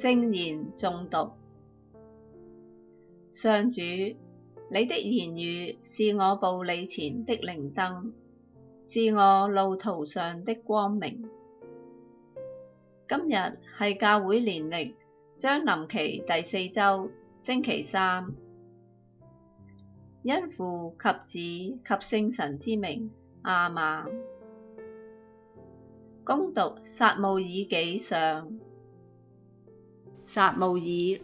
聖言誦讀。上主，你的言語是我步履前的靈燈，是我路途上的光明。今日係教會年曆將臨期第四周，星期三，因父及子及聖神之名阿瑪，恭讀撒慕爾紀上。撒慕爾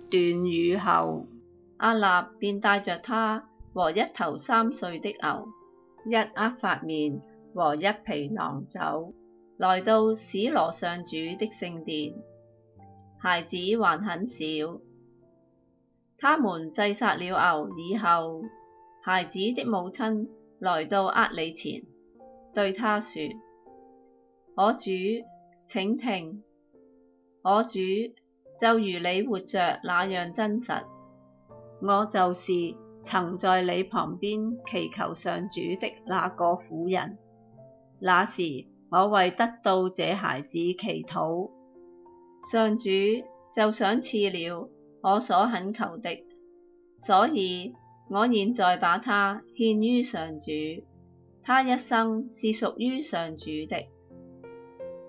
斷乳後，亞納便帶著他和一頭三歲的牛，一厄法麵和一皮囊酒，來到史羅上主的聖殿。孩子還很小，他們祭殺了牛以後，孩子的母親來到厄里前，對他說：我主請聽，我主。就如你活着那樣真實，我就是曾在你旁邊祈求上主的那個婦人。那時我為得到這孩子祈禱，上主就賞賜了我所懇求的，所以我現在把他獻於上主。他一生是屬於上主的。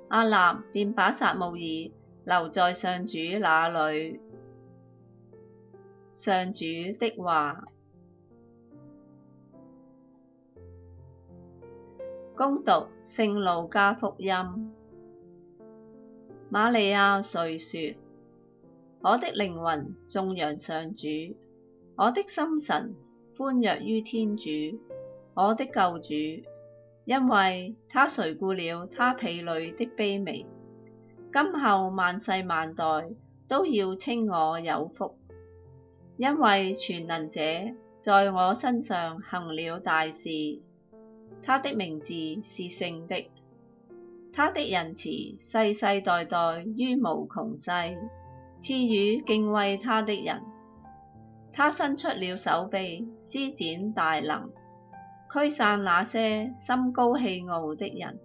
亞納便把撒慕爾。留在上主那裡，上主的話。恭讀《聖路加福音》，瑪利亞遂説：我的靈魂頌揚上主，我的心神歡躍於天主，我的救主，因為他垂顧了他婢女的卑微。今後萬世萬代都要稱我有福，因為全能者在我身上行了大事，他的名字是聖的，他的仁慈世世代代於無窮世，賜予敬畏他的人。他伸出了手臂，施展大能，驅散那些心高氣傲的人。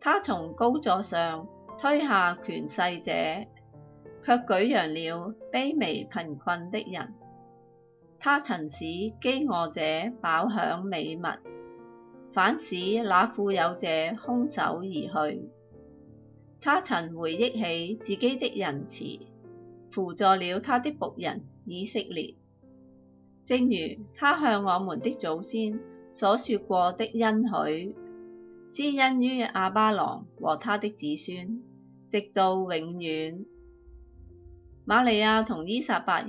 他從高座上，推下權勢者，卻舉揚了卑微貧困的人。他曾使飢餓者飽饗美物，反使那富有者空手而去。他曾回憶起自己的仁慈，扶助了他的僕人以色列，正如他向我們的祖先所說過的恩許，施恩於亞巴郎和他的子孫。直到永遠。瑪利亞同依撒伯爾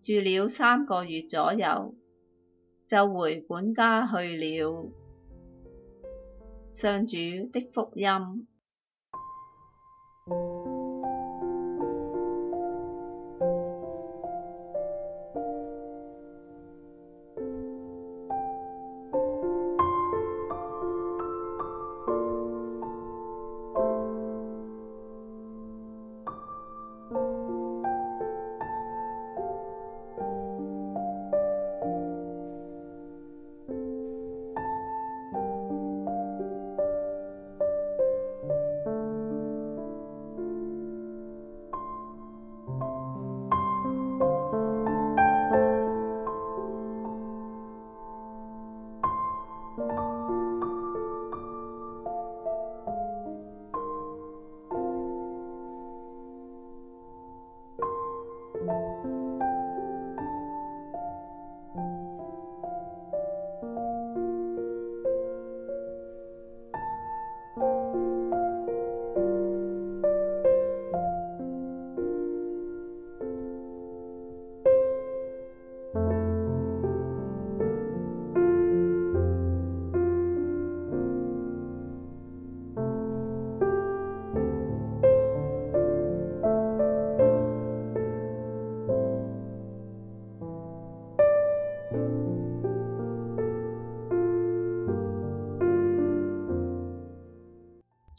住了三個月左右，就回本家去了。上主的福音。